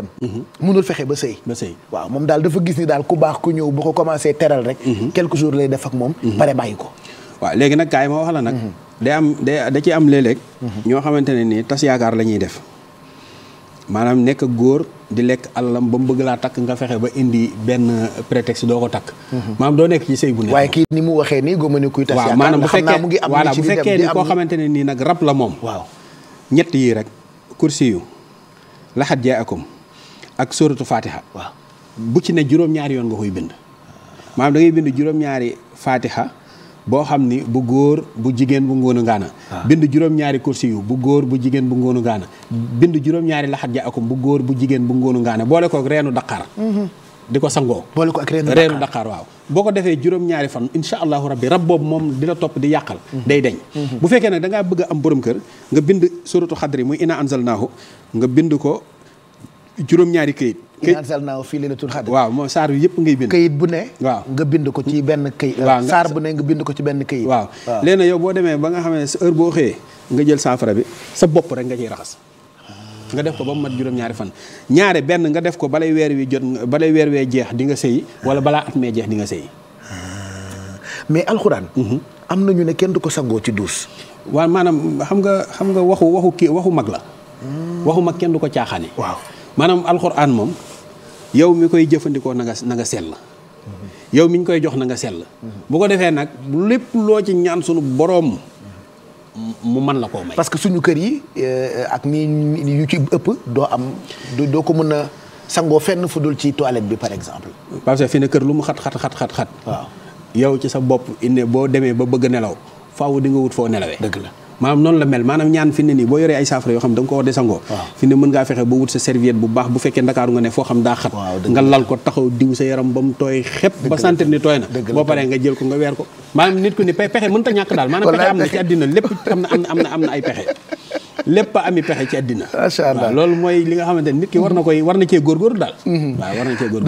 dem mënul mhm. fexe ba sëy ba sëy waaw moom daal dafa gis ni daal ku baax ku ñëw bu ko commencé teral rek mhm. quelques jours lay def ak moom mhm. pare bàyyi ko waaw léegi nag kaay ma wax la nag day am day da ci am léeg-léeg ñoo xamante ne nii tas yaakaar la ñuy def maanaam nekk góor di lekk alalam ba mu bëgg laa takk nga fexe ba indi benn prétexte doo ko takk maanaam doo nekk ci sëy bu ne waaye kii ni mu waxee nii góoma ni kuy tas yaakaar waaw maanaam bu fekkee mu ngi am ni koo xamante nii nag rab la moom waaw ñett yii rek kursi yu laxat jee akum ak sóoratu fatiha waaw bu ci ne juróom-ñaari yoon nga koy bind maanaam da ngay bind juróom-ñaari fatiha boo xam ni bu góor bu jigéen bu ngóonu ngaana ah. bind juróom-ñaari kursi yu bu góor bu jigéen bu ngóonu ngaana bind juróom-ñaari laxat ja akum bu góor bu jigéen bu ngóonu ngaana boole ko reenu daqaar mm-hmm. di ko sangoo boole ko ak reenu daqaar waaw boo ko defee juróom-ñaari fan insha allahu rabbi rab boobu moom di la topp di yàqal mm-hmm. day deñ mm-hmm. bu fekkee nag da ngaa bëgg am borom kër nga bind suratu xadri muy ina anzalnaahu nga bind ko juróom-ñaari këyit. këyit anzal naa fii laylatul xadr waaw moom saar bi yëpp ngay bind. këyit bu ne. waaw nga bind ko ci benn këyit. waaw saar ne nga bind ko ci benn këyit. waaw léegi nag yow boo demee ba nga xam ne sa heure boo xëyee nga jël saafara bi sa bopp rek nga ciy raxas. nga def ko ba mu mat juróom-ñaari fan ñaare benn nga def ko balay weer wi jot balay weer wee jeex di nga sëyi wala balaa at mee jeex di nga sëyi. Ah. mais alxuraan. Mhm. am na ñu ne kenn du ko sangoo ci duus. waaw maanaam xam nga xam nga waxu waxu kii waxu mag la. Hmm. waxu mag kenn du ko caaxaane. waaw maanaam alxuraan moom yow mi koy jëfandikoo nanga nga na nga sell yow mi ñu koy jox na nga sell bu ko defee nag lépp loo ci ñaan sunu boroom mu mën la koo may. parce que suñu kër yi eh, ak ni yu ci ëpp doo am doo ko mën a sangoo fenn fu dul ci toilette bi par exemple. parce que fi ne kër lu mu xat xat xat xat waaw yow ci sa bopp indi boo demee ba bëgg nelaw faaw di nga wut foo nelawee. dëgg la. maanaam noonu la mel maanaam ñaan fi nii boo yoree ay saafara yoo xam da ko war di sangoo fi mën ngaa fexe ba wut sa serviette bu baax bu fekkee ndakaaru nga ne foo xam daa xat nga lal ko taxaw diw sa yaram ba tooy xepp ba sentir ni tooy na boo paree nga jël ko nga weer ko maanaam nit ku ne pexe mën ta ñàkk daal maanaam pexe am na ci àddina lépp xam na am na am na ay pexe lépp a ami pexe ci àddina macha loolu mooy li nga xamante nit ki war na koy